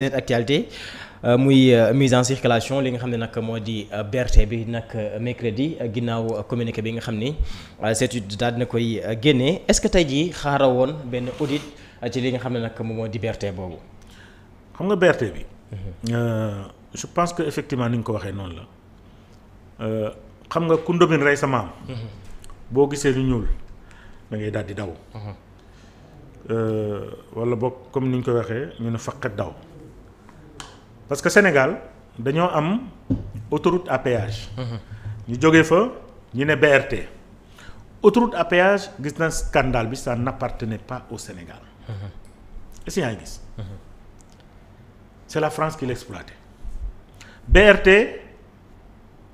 seen actualité euh, muy euh, mise en circulation li nga xam ne nag moo di euh, BRT bi nag mercredi ginnaaw communiqué bi nga xam ni CETUD daal dina koy génne est-ce que tey jii xaara woon benn audit ci li nga xam ne nag moom moo di BRT boobu. xam nga BRT bi. Mhm. je pense que effectivement ni nga ko waxee noonu la xam nga ku ndomin rey sa maam. Mhm. boo gisee lu ñuul da ngay daal di daw. Mhm. wala boog comme ni ñu ko waxee ñu ne faqat daw. parce que Sénégal dañoo am autoroute à ñu jóge fa ñu ne BRT. autoroute à gis na scandale bi ça n'appartenait pas au Sénégal. est-ce que gis. c'est la France qui l'exploitait. BRT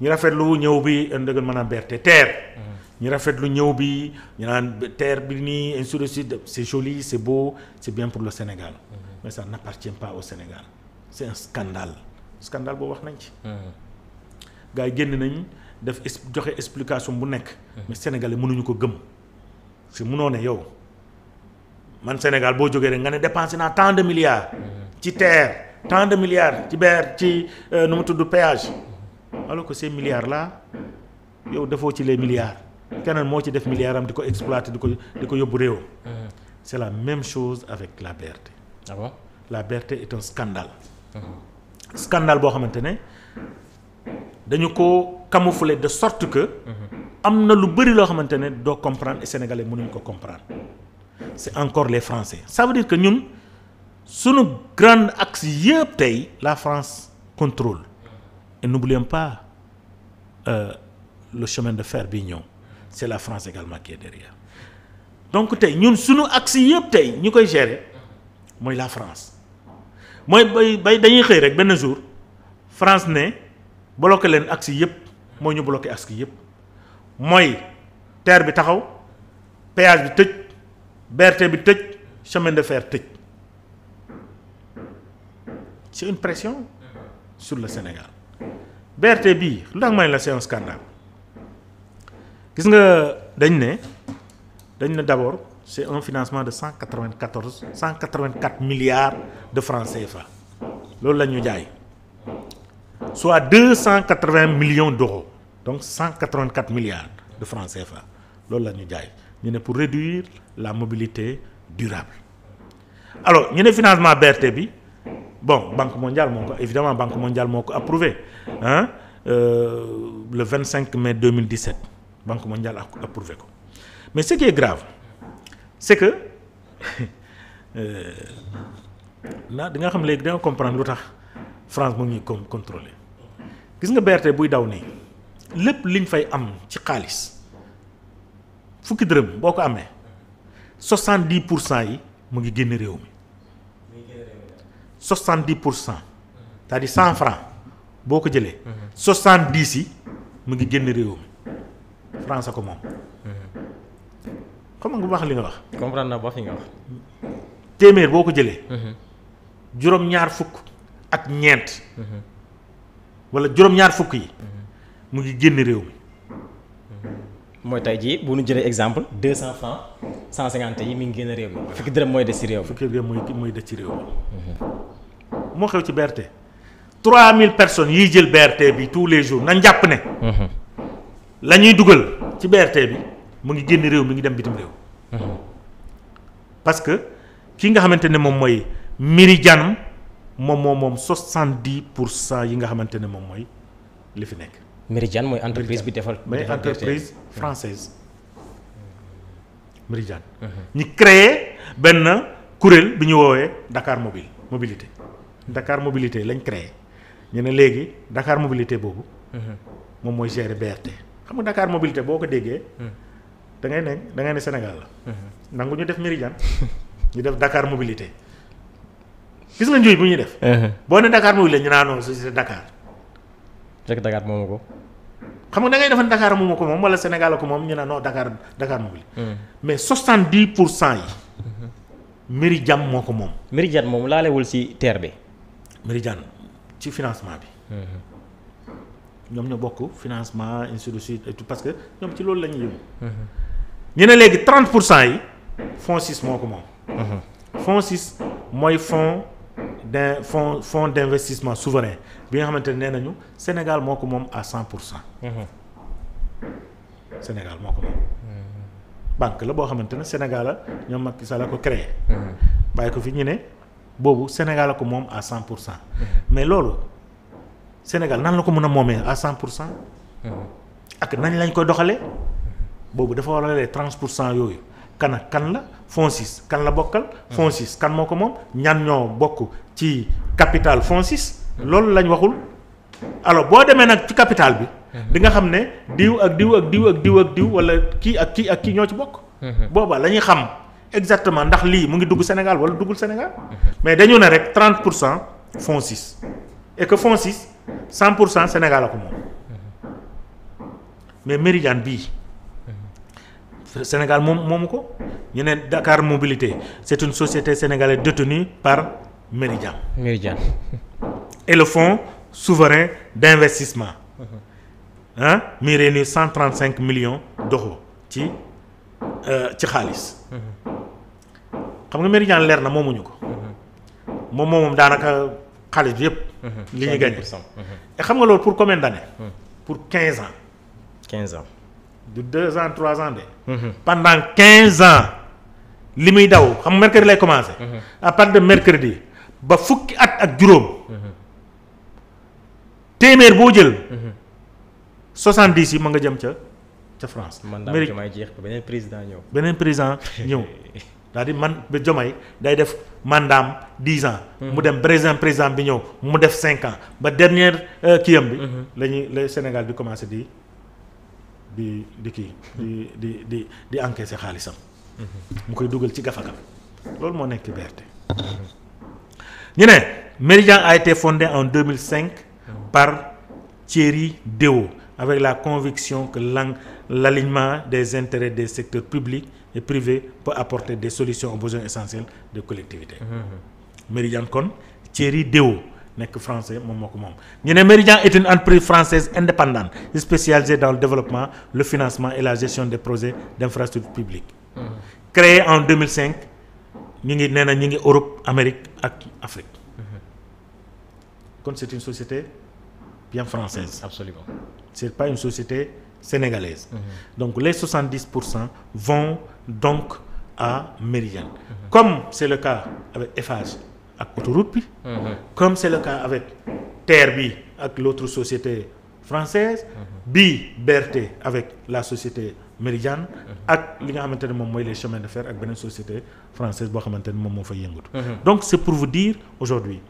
ñu rafetlu ñëw bi ndëgal maanaam BRT terre. ñu rafetlu ñëw bi ñu naan terre bi nii ainsi de suite c'est joli c'est beau c'est bien pour le Sénégal. mais ça n'appartient pas au Sénégal. c'est un scandale scandale boo wax nañ ci. Hmm. gars yi génn nañ def joxe explication bu nekk. Hmm. mais sénégalais mënuñu ko gëm. si munoo ne yow man Sénégal boo jógee rek nga ne dépensé naa tant de milliards. Hmm. ci terre tant de milliards ci beer ci euh, nu mu tudd péage. alors que ces milliards là yow defoo ci les milliards keneen moo ci def milliards di ko exploiter di ko di ko yóbbu réew. c'est la même chose avec la BRT. ah un scandale. scandale boo xamante ne dañu ko camoufler de sorte que. am na lu bëri loo xamante ne doo comprendre et sénégalais mënuñu ko comprendre c'est encore les français ça veut dire que ñun suñu grand axe yëpp tey la France contrôle et n'oublions pas euh, le chemin de fer bi ñëw c'est la France également qui est donc tey ñun suñu axe yëpp tey ñu koy gérer mooy la France. mooy bay bay dañuy xëy rek benn jour France ne bloqué leen axe yëpp mooy ñu bloqué axe yëpp mooy terre bi taxaw péage bi tëj berte bi tëj chemin de fer tëj c'est une pression sur le Sénégal berte bi ndax tax ma ne la c'est un scandale gis nga dañ ne dañ ne d'abord. c'est un financement de cent quatre-vingt-quatorze cent quatre-vingt-quatre milliards de francs fa loolu la ñu jaay soit deux cent quatre-vingts millions d'euros donc cent quatre-vingt-quatre milliards de francs fa loolu la ñu jaay ñu ne pour réduire la mobilité durable alors ñu ne financement BRT bi bon banque mondiale moo ko évidemment banque mondiale moo ko approuvé ah euh, le 25 mai 2017 banque mondiale a approuvé ko mais ce qui est grave c'est que euh, là di nga xam léegi danga comprendre lu tax France mu ngi comme contrôlé gis nga BRT buy daw nii lépp liñ fay am ci xaalis fukki dërëm boo ko amee soixante dix pour cent yi mu ngi génn réew mi soixante dix pour cent cest à cent francs boo ko jëlee soixante dix yi mu ngi génn réew mi France a ko moom comme nga bu baax li nga wax. téeméer boo ko jëlee. Mhm. juróom ñaar fukk ak ñeent. Mhm. wala juróom ñaar fukk yi. Mhm. mu ngi génn réew mi. mooy tey jii bu ñu jëlee exemple deux cent francs cent cinquante yi mi ngi génn réew mi fukki dërëm mooy des ci réew mi. fukki dërëm moo xew ci BRT. trois mille personnes yiy jël BRT bi tous les jours nañ jàpp ne. la dugal ci BRT bi. mu ngi génn réew mi ngi dem bitim réew. parce que ki nga xamante ne moom mooy Méridiane moom moom moom soixante dix pour cent yi nga xamante ne moom mooy li fi nekk. Méridiane mooy entreprise bi defal. mooy entreprise française Méridiane. Mhm. ñu créé benn kuréel bi ñu woowee Dakar mobile mobilité Dakar mobilité lañ créé ñu ne léegi dakaar mobilité boobu. Mhm. moom mooy gérer BRT xam nga Dakar mobilité boo ko déggee. Mhm. da ngay ne da ngay ne Sénégal la. Mhm. nangu ñu def Méridiane ñu def dakaar mobilité gis nga njuuy bu ñuy def. Mhm. boo ne Dakar mobilité ñu naan non c'est Dakar. fekk Dakar moomu ko. xam nga dangay ngay defan Dakar ko moom wala Sénégal moom ñu ne non Dakar mobilité. Mhm. mais soixante dix pour sent yi. Méridiane moo ko moom. Méridiane moom laalewul ci terre bi. Méridiane ci financement bi. ñoom ñoo bokk financement ainsi suite et parce que ñoom ci loolu la ñuy yëngu. ñu ne léegi 30 pour cent yi FONSIS moo ko moom. Mhm. FONSIS mooy fonds d'un fonds fonds d'investissement souverain bi nga xamante ne nee nañu Sénégal moo ko moom à cent pour cent. Mhm. Sénégal moo ko moom. Mhm. banque la boo xamante ne Sénégal la ñoom Macky Sall la ko créé. bàyyi ko fi ñu ne boobu Sénégal la ko moom à 100 pour cent. mais loolu Sénégal nan la ko mën a moomee à cent pour cent. ak nañ lañ koy doxalee. boobu dafa war a leer 30 pour cent yooyu kan ak kan la FONSIS kan la bokkal. FONSIS kan moo ko moom ñan ñoo bokk ci capital FONSIS. loolu lañ waxul alors boo demee nag ci capital bi. di nga xam ne diw ak diw ak diw ak diw ak diw wala kii ak kii ak kii ñoo ci bokk. Mhm. booba la ñuy xam exactement ndax lii mu ngi dugg Sénégal wala duggul Sénégal. mais dañu ne rek 30 pour cent FONSIS et que FONSIS 100 pour cent Sénégal a Sénégal moom moomu ko ñu ne Dakar Mobilité c'est une société sénégalaise détenue par Méridiam. Méridiam. et le fonds souverain d'investissement ah mi réunit cent trente cinq millions d'euros ci euh, ci xaalis. Mmh. xam nga Méridiam leer na moomuñu ko. Mmh. moom moom daanaka xaalis bi yëpp. li ñuy gagné. xam nga loolu pour combien d'années. pour quinze quinze ans. du deux ans trois ans de. pendant quinze ans li muy daw xam mercredi lay commencé. Mhm. à partir de mercredi ba fukki at ak juróom. Mhm. téeméer boo jël. Mhm. soixante dix yi ma nga jëm ca ca France. man daal Diomaye jeex beneen président ñëw. beneen président ñëw daal di man ba Diomaye day def mandam dix ans. mu dem président président bi ñëw mu def cinq ans ba dernier euh, kiyam bi. la ñuy la Sénégal bi commencé di. di di kii di di di di encaisser xaalisam mhm. mu koy dugal ci gafaga loolu moo nekk liberté ñu ne Méridian a été fondé en 2005 mhm. par Thierry Deo avec la conviction que l'alignement des intérêts des secteurs publics et privés peut apporter des solutions aux besoins essentiels des collectivités. Mhm. Méridian kon Thierry Deo nekk français moom moo moom ñu ne Méridian est une entreprise française indépendante spécialisée dans le développement le financement et la gestion des projets d'infrastructure publique mmh. créée en 2005 ngi nee na ñu ngi Europe Amérique ak Afrique mm-hmm. kon mmh. c'est une société bien française absolument c'est pas une société sénégalaise mm-hmm. donc les pour cent vont donc à Méridian mm-hmm. comme c'est le cas avec ak autoroute bi. Mhm. comme c'est le cas avec TER bi ak l'autre société française mhm. bi BRT avec la société Méridiane mhm. ak li nga xamante ne moom mooy les chemins de fer ak beneen société française boo xamante ne moom moo fa yëngatu. donc c'est pour vous dire aujourd'hui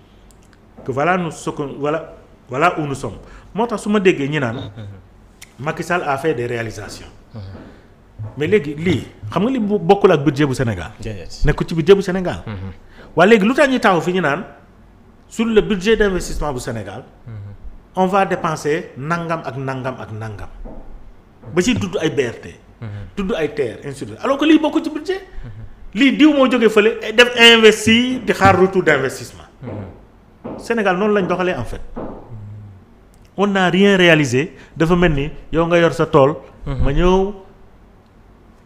que voilà nous ce que voilà voilà où moo tax su ma déggee ñi naan Macky Sall a fait des réalisation mais léegi lii xam nga li bokkul ak budget bu Sénégal. nekku ci budget bu Sénégal. waa léegi lu tax ñu taxaw fi ñu naan su le budget d'investissement bu Sénégal mhm. on va nangam ak nangam ak nangam ba si tudd ay BRT. Mhm. tudd ay TER ainsi de suite alors que lii bokk ci budget mhm. lii diw moo jógee fële eh, def investi di xaar retour d'investissement. Sénégal noonu lañ doxalee en fait on naa rien réalisé dafa mel ni yow nga yor sa tool. ma ñëw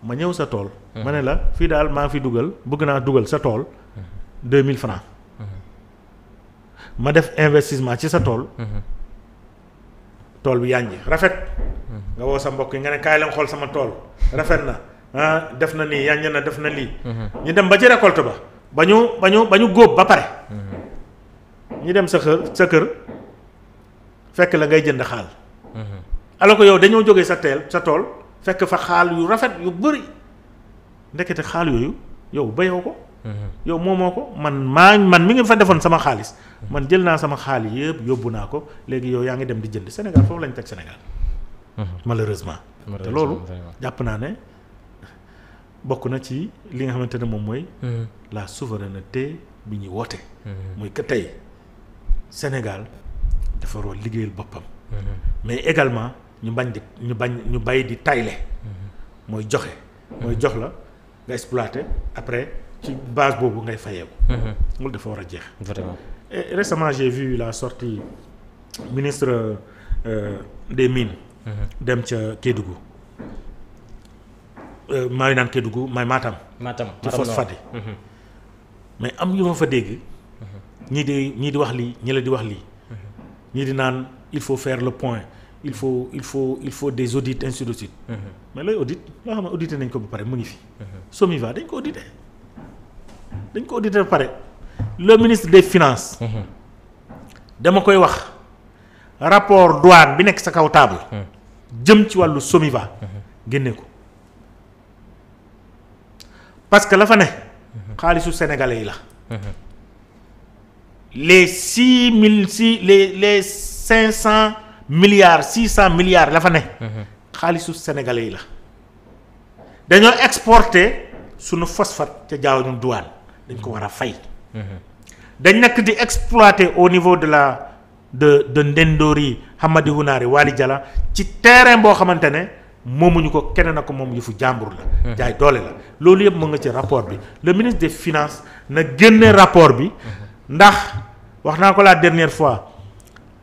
ma ñëw sa tool. ma ne la fii daal maa fi dugal bugg naa dugal sa tool. deux mille francs ma def investissement ci sa tool tool bi yànji rafet nga woo sa mbokk yi nga ne kaay leen xool sama tool rafet na ah, def na nii yànj na def na lii ñu dem ba ci récolte ba ba ñu ba ñu ba ñu góob ba pare ñu dem sa kër sa kër fekk la ngay jënd xaal alors que yow dañoo jógee sa teel sa tool fekk fa xaal yu rafet yu bëri ndekete xaal yooyu yow béyoo ko yow moo ko man maa man mi ngi fa defoon sama xaalis man jël naa sama xaalis yëpp yóbbu naa ko léegi yow yaa ngi dem di jënd Sénégal foofu lañ teg Sénégal. Mhm. malheureusement. te loolu jàpp naa ne bokk na ci li nga xamante ne moom mooy. Mhm. la souveraineté bi ñuy woote. Mhm. mooy que tey Sénégal dafa war liggéeyal boppam. mais également ñu bañ di ñu bañ ñu bay di tayle. mooy joxe. mooy jox la nga exploité après. ci base boobu ngay fayeeku mhm. loolu dafa war a jeex vraiment et récemment j'ai vu la sortie ministre euh, des mhm. dem ca Kédougou euh, maa ngi naan Kédougou may Matam Matam ci phosphate yi mhm. mais am yu ma fa dégg ñii di ñii di wax lii ñi la di wax lii ñii di naan il faut faire le point il faut il faut il faut des audits ainsi de looy audit loo xam ne audité nañ ko ba pare mu ngi fi Somiva dañ ko audité dañ ko audité pare le ministre des finance mm-hmm. dama koy wax rapport douane bi nekk sa kaw table. Mm-hmm. jëm ci wàllu SOMIVA. Mm-hmm. génne ko parce que la fa ne. xaalisu sénégalais yi la. les six mille six les les cinq cent milliards six cent milliards la fa ne. xaalisu sénégalais yi la dañoo exporté sunu phosphate ca jaaw ñu dañ ko war a fay. Mhm. dañ nag di exploiter au niveau de la de de Ndendori Hamadi Hunaari waali Jala ci terrain boo xamante ne moomuñu ko keneen ak moom yëfu jàmbur la. Mhm. jaay doole la loolu yëpp mu nga ci rapport bi le ministre de finances na génne mhm. rapport bi ndax wax naa ko la dernière fois.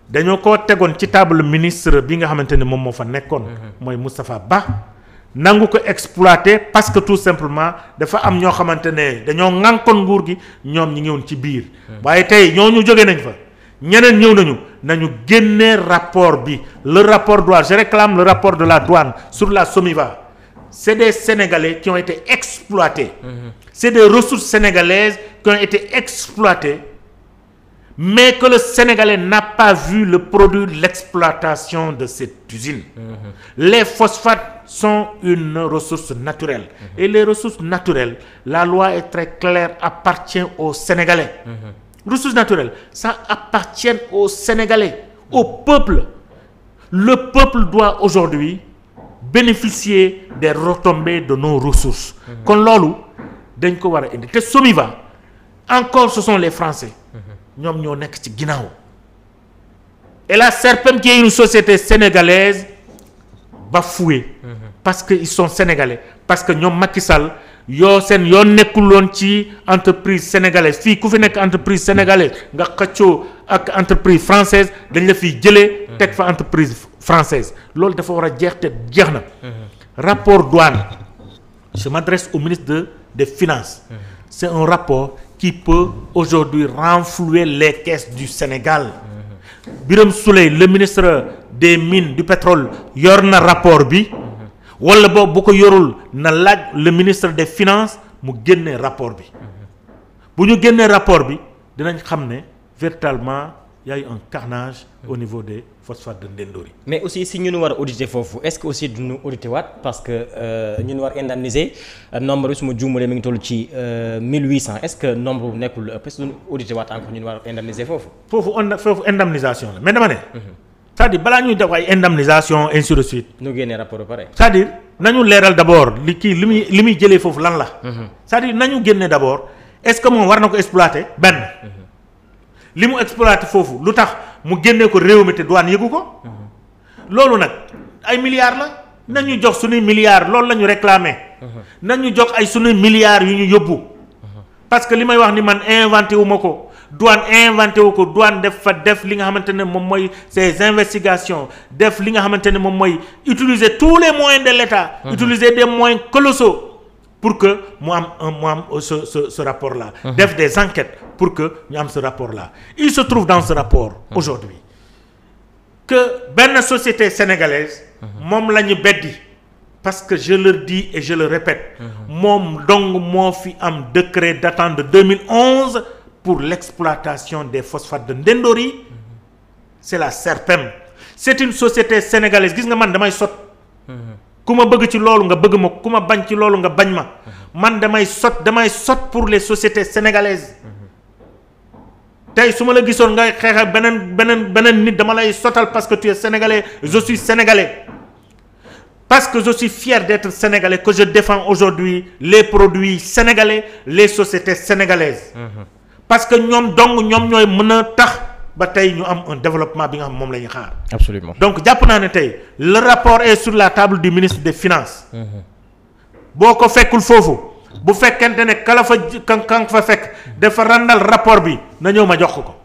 dañoo ko tegoon ci table ministre bi nga xamante ne moom moo fa nekkoon. mooy Moustapha Ba. nangu ko exploité parce que tout simplement dafa am ñoo xamante ne dañoo ŋànkoon nguur gi ñoom ñi ngi woon ci biir. waaye tey ñoo ñu jóge nañ fa ñeneen ñëw nañu nañu génnee rapport bi le rapport doit je réclame le rapport de la douane sur la SOMIVA c' est des sénégalais qui ont été exploités. Mm-hmm. c' est des ressources sénégalaises qui ont été exploitées. mais que le Sénégalais n'a pas vu le produit de l'exploitation de cette usine. Mm-hmm. Les phosphates sont une ressource naturelle. Mhm. Et les ressources naturelles, la loi est très claire, appartient aux Sénégalais. Mmh. Ressources naturelles, ça appartient aux Sénégalais, au peuple. Le peuple doit aujourd'hui bénéficier des retombées de nos ressources. Mhm. kon loolu dañ ko war a indi te encore ce sont les Français. Mhm. ñoom ñoo nekk ci ginnaaw. Et la SERPEM qui est une société sénégalaise. bafoué parce que ils sont sénégalais parce que ñoom Macky sal yoo seen yoo nekkul woon ci entreprise sénégalaise fii ku fi nekk entreprise sénégalaise nga xëccoo ak entreprise française dañ la fiy jëlee teg fa entreprise française loolu dafa war a jeex te jeex na rapport douane je m'adresse au ministre de des finances c'est un rapport qui peut aujourd'hui renflouer les caisses du Sénégal Birame Souleye le ministre de mines du pétrole yor na rapport bi wala boobu bu ko yorul na laaj le ministre des finances mu génnee rapport bi bu ñu génnee rapport bi dinañ xam ne véritablement y a eu un carnage au niveau des phosphates de Ndendori. mais aussi si ñu nu war a foofu est-ce que aussi duñu auditer waat parce que euh, ñu nu war a indemniser euh, nombre bi su ma juumalee ngi toll ci 1800 euh, est-ce que nombre bu nekkul parce que duñu auditer waat encore ñu nu war a foofu. foofu on foofu indemnisation cest à balaa ñuy def ay indemnisation ainsi de suite. ñu génnee rapport ba pare. c'est-à-dire nañu leeral d' abord li kii li muy li muy jëlee foofu lan la. Mhm. cest à nañu génne d' abord est ce que moom war na ko exploiter benn. Mhm. li mu exploiter foofu lu tax mu génnee ko réew mi te douane yëgu ko. Mhm. loolu nag ay milliards la nañu jox suñuy milliards loolu la ñu réclamer. nañu jox ay suñuy milliards yu ñu yóbbu. parce que li may wax ni man inventé wu ma ko douane inventé wu ko douane def fa def li nga xamante ne moom mooy ces investigations def li nga xamante ne moom mooy utiliser tous les moyens de l'État mhm. utiliser des moyens colossaux pour que mu am un mu am ce ce rapport la mhm. def des enquêtes pour que ñu am ce rapport la il se trouve dans ce rapport mhm. aujourd'hui que benn société sénégalaise moom lañu ñu beddi parce que je le dis et je le répète moom dong moo fi am décret datant de 2011 pour l'exploitation des phosphates de Ndendori c'est la SERPEM c'est une société sénégalaise gis nga man damay sot ku ma bëgg ci loolu nga bëgg ma ku ma bañ ci loolu nga bañ ma man damay sot damay sot pour les sociétés sénégalaises tey su ma la gisoon ngay xeex beneen beneen beneen nit dama lay sotal parce que tu es sénégalais je suis sénégalais parce que je suis fier d'être sénégalais que je défends aujourd'hui les produits sénégalais les sociétés sénégalaises parce que ñoom dong ñoom ñooy mën a tax ba tey ñu am un développement bi nga xam moom la ñu xaar. absolument donc jàpp naa ne tey le rapport est sur la table du ministre de finances. boo ko fekkul foofu. bu fekkente ne kala fa kan kan fa fekk dafa randal rapport bi na ñëw ma jox ko.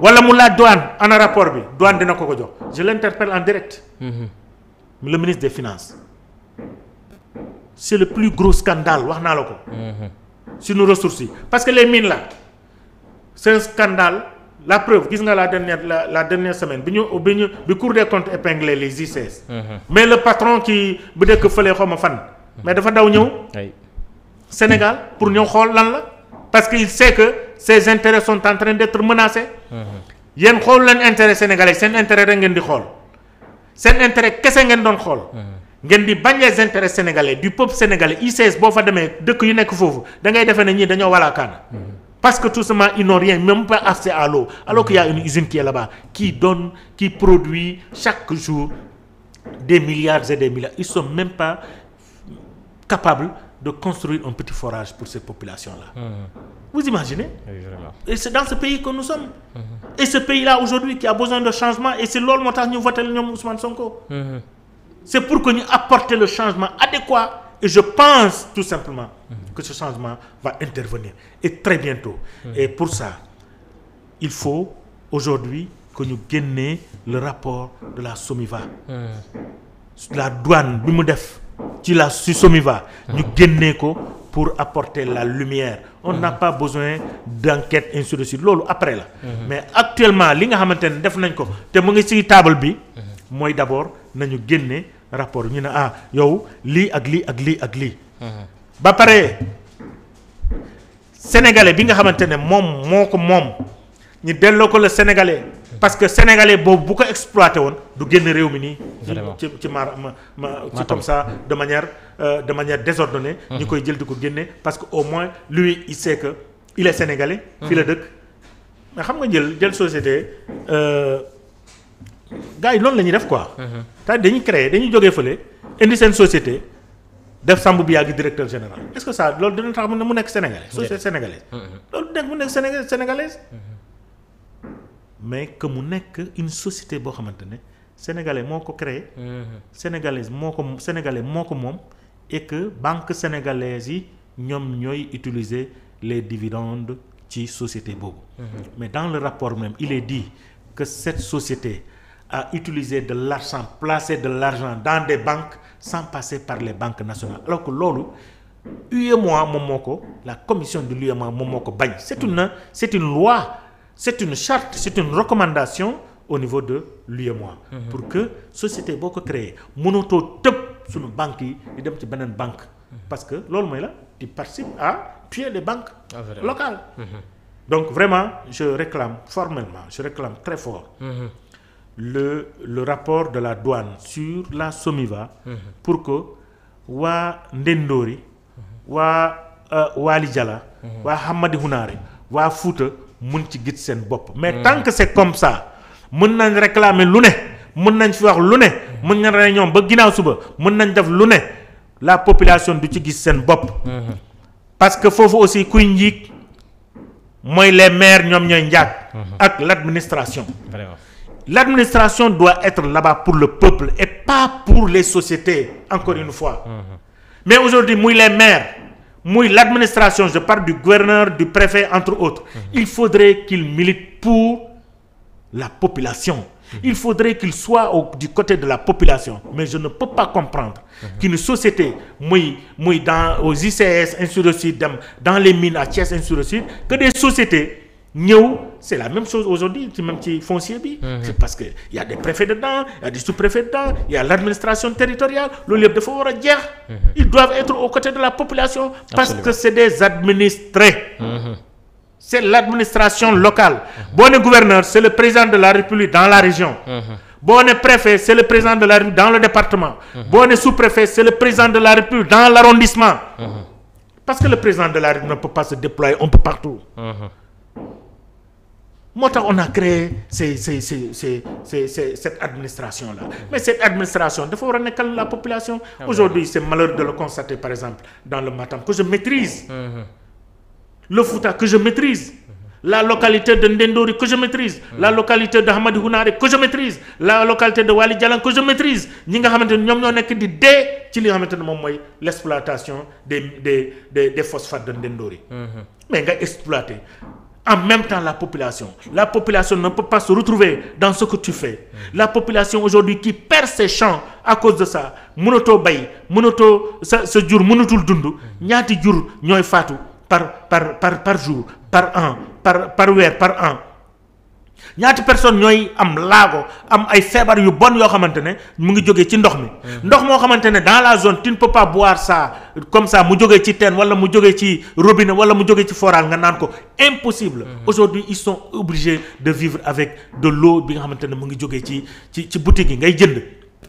walla mu laaj douane ana rapport bi douane dina ko ko jox je l'interpelle en direct. Mhm. le ministre des finance c'est le plus gros scandale wax naa la ko. Mhm. suñu ressources yi parce que les mines la c'est un scandale la preuve gis nga la dernière la la dernière semaine bi ñu bi ñu bi Cour des comptes épinglé les ICS. Mhm. mais le patron qui bu dëkk fële xaw ma fan. mais dafa daw ñëw. Sénégal pour ñëw xool lan la parce que il sait que ses intérêts sont de train d'être menacés. Mhm. yéen xool leen intérêt sénégalais seen intérêt rek ngeen di xool seen intérêt kese ngeen doon xool. ngeen bi bañ les intérêts sénégalais du peuple sénégalais ICS boo fa demee dëkk yu nekk foofu da ngay defee ne ñii dañoo walaakaana parce que tout simplement ils n'ont rien même pas accès à l'eau alors qu'il y a une usine qui est là-bas donne qui produit chaque jour des milliards et des milliards ils sont même pas capables de construire un petit forage pour ces population là Mmh. Vous imaginez? Et c'est dans ce pays que nous sommes. Et ce pays-là aujourd'hui qui a besoin loolu moo tax ñu voté ñoom Ousmane Sonko. Mmh. c'est pour que ñu apporter le changement adéquat et je pense tout simplement que ce changement va intervenir et très bientôt mm. et pour ça il faut aujourd'hui que ñu génnee le rapport de la SOMIVA mm. la douane bi mu def ci la si SOMIVA mm. ñu génnee ko pour apporter la lumière on n'a pas besoin d'enquête ainsi de loolu après la mm-hmm. mais actuellement li nga xamante ne def nañ ko te mu ngi ci table bi mm-hmm. mooy d'abord nañu génne rapport ñu ne ah yow lii ak lii ak lii ak lii. Mhm. ba pare sénégalais bi nga xamante ne moom moo ko moom ñu delloo ko la sénégalais. parce que sénégalais boobu bu ko exploité woon du génn réew mi nii. ci ci ma ma ci comme ça de manière euh, de manière désordonnée. Mhm. ñu koy jël di ko génne parce que au moins lui il sait que il est sénégalais. fii la mhm. dëkk mais xam nga jël jël société. Euh, gars yi loolu la ñuy def ko mhm. c'est-à-dire dañuy créer dañuy jógee fële indi seen société def Sambou Biagui directeur général est-ce que ça loolu dina tax mu nekk sénégalais. société sénégalaise. Mhm. loolu nekk mu nekk sénégalais sénégalaise. Mhm. mais mu nekk une société boo xamante ne sénégalais moo ko créé. sénégalaise moo ko sénégalais moo ko moom et que banque sénégalaise yi ñoom ñooy utiliser les dividendes ci société boobu. mais dans le rapport même il est dit que cette société. à utiliser de l'argent placer de l'argent dans des banques sans passer par les banques nationales alors que loolu UEMOA moom moo ko la commission de l'UEMOA moom moo ko bañ c'est une c'est une loi c'est une charte c'est une recommandation au niveau de l'UEMOA mhm. pour que société boo ko créer mënatoo tëb suñu banque yi di dem ci beneen banque mhm. parce que loolu mooy la tu participes à tuer les banques ah, locales mhm. donc vraiment je réclame formellement je réclame très fort le le rapport de la douane sur la SOMIVA mhm. pour que waa Ndendoori waa euh, Waali Jala mhm. waa Hamadi Hunaare waa Fuuta mun ci gis seen bopp mais mhm. tant que c'est comme ça mën nañ réclamer lu ne mën nañ fi wax lu ne mën nañ rey ñoom ba ginnaaw suba mën nañ def lu ne la population du ci gis seen bopp parce que foofu aussi kuy njiit mooy les maires ñoom ñooy njaag ak l'administration l'administration doit être là ba pour le peuple et pas pour les sociétés encore une fois mhm. mais aujourd'hui muy les maires muy l'administration je parle du gouverneur du préfet entre autres mhm. il faudrait qu'ils milite pour la population mhm. il faudrait qu'il soit au, du côté de la population mais je ne peux pas comprendre mm qu'une société muy muy dans aux ICS ainsi de suite dans les mines à Thiès ainsi de que des sociétés ñëw c'est la même chose aujourd'hui ci même ci foncier bi. Mm-hmm. c'est parce que y a des préfets dedans y a des sous-préfets dedans y a l'administration territoriale loolu yëpp dafa war a jeex. Mm-hmm. ils doivent être aux côtés de la population. parce que c'est des administrés. Mm-hmm. c'est l'administration locale. boo ne gouverneur c'est le président de la République dans la région. boo ne préfet c'est le président de la République dans le département. boo ne sous-préfet c'est le président de l'arrondissement. parce que le président de la République ne peut pas se déployer un peu moo tax on a créé ces ces ces ces ces ces cette administration là mais cette administration dafa war a nekkal la population ah aujourd'hui c'est malheureux de le constater par exemple dans le Matam que je maîtrise mm-hmm. le Fouta que je maîtrise la localité de Ndendori mm-hmm. que je maîtrise la localité de Hamadi Hunaare que je maîtrise la localité de Wali Jalan que je maîtrise ñi nga xamante ne ñoom ñoo nekk di dee ci li nga xamante ne moom mooy l'exploitation de des de des phosphates de Ndendori mm-hmm. mais nga exploiter en même temps la population la population ne peut pas se retrouver dans ce que tu fais la population aujourd'hui qui perd ses champs à cause de ça mënatoo bay mënatoo sa sa jur mënatul dund ñaati jur ñooy faatu par par par par jour par an par par weer par an ñaati personne ñooy am laago am ay feebar yu bon yoo xamante ne mu ngi jóge ci ndox mi. Mm-hmm. ndox moo xamante ne dans la zone tu ne peux pas boire ça comme ça mu jóge ci teen wala mu jóge ci robinet wala mu jóge ci forage nga naan ko impossible. Mm-hmm. aujourd'hui ils sont obligés de vivre avec de l'eau bi nga xamante ne mu ngi jógee ci ci ci boutique yi ngay jënd.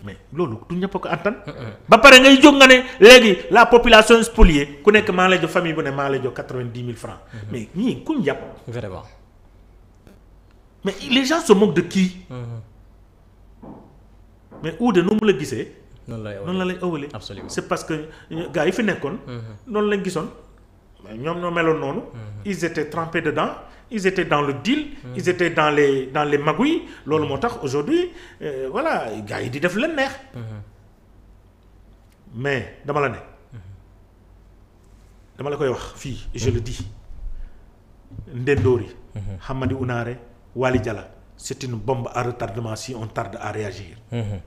mais loolu du ñëpp ko attan. Mm-hmm. ba pare ngay jóg nga ne léegi la population spoliée ku nekk maa lay jox famille bu ne maa lay jox quatre-vingt-dix mille ñii kuñ jàpp. vraiment. mais les gens se moquent de mhm. mais uude nu mu la gisee. noonu la noonu la lay ëwalee. absolument c'est parce que euh, gars yi fi nekkoon. Mhm. noonu lañ gisoon. ñoom ñoo meloon noonu. Mhm. ils étaient trempés dedans ils étaient dans le deal. ils étaient dans les dans les magouilles loolu moo tax aujourd'hui euh, voilà gars yi di def leen neex. mais dama la ne. dama la koy wax fii je le dis. Ndendoori. Hamadi Unaare. Wali Diala c'est une bombe à retardement si on tarde à réagir. Mhm.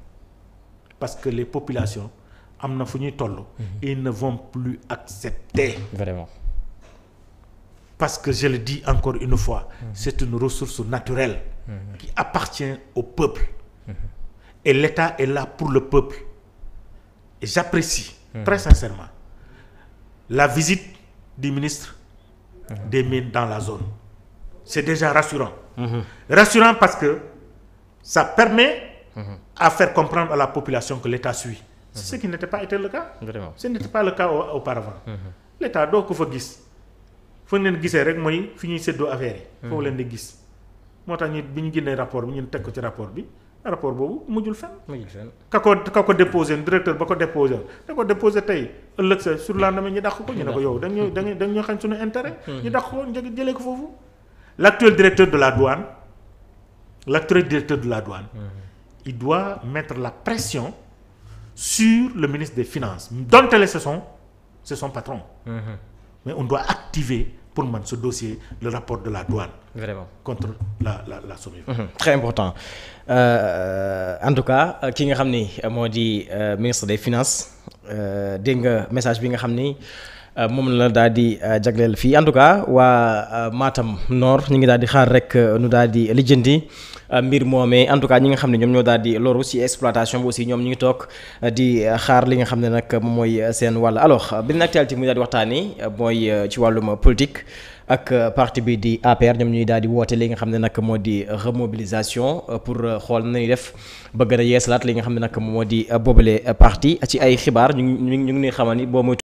parce que les populations am na fu ñuy tollu mhm. ils ne vont plus accepter. parce que je le dis encore une fois. Mmh. c'est une ressource naturelle. Mmh. qui appartient au peuple. Mhm. et l'État est là pour le peuple. et j'apprécie. très sincèrement la visite du ministre. des mines dans la zone. c'est déjà rassurant. Mmh. Rassurant parce que sa permet mmh. à comprendre à la population que l'État suit. Mmh. Ce par n'était pas été le cas. Vraiment. Ce par pas le cas auparavant. doo ko fa gis fu ñu leen gisee rek mooy fi ñuy séddoo affaire yi. foofu leen di gis moo tax ñu bi ñu génnee rapport bi ñun teg ko ci rapport bi rapport boobu mujjul fenn. mujjul fenn ka ko ka ko déposé directeur ba ko déposé da ko déposé tey ëllëg sa sur le lendemain ñu dàq ko. ñu ne ko yow d dañu dañu xañ suñu hmm. ko foofu. l'actuel directeur de la douane l'actuel directeur de la douane mmh. il doit mettre la pression sur le ministre des finances donte le c'est son c'est son patron mhm. mais on doit activer pour man ce dossier le rapport de la douane vraiment contre la la la mhm. très important euh, en tout cas ki nga xam ni moo di euh, ministre des finances euh, dégg nga message bi nga xam ni Euh, moom la daal di euh, jagleel fii en tout cas waa euh, Matam Nord ñu ngi daal di xaar rek nu daal di lijjanti mbir moomee en tout cas ñi nga xam ne ñoom ñoo daal di loru ci exploitation bi aussi ñoom ñu ngi toog di xaar li nga xam ne nag moom mooy seen wàll alors beneen actualité muy daal di waxtaani mooy ci wàllum politique ak parti bi di APR ñoom ñu daal di woote li nga xam ne nag moo di remobilisation pour xool nañu def bëgg na yeesalaat li nga xam ne nag moo di boobale parti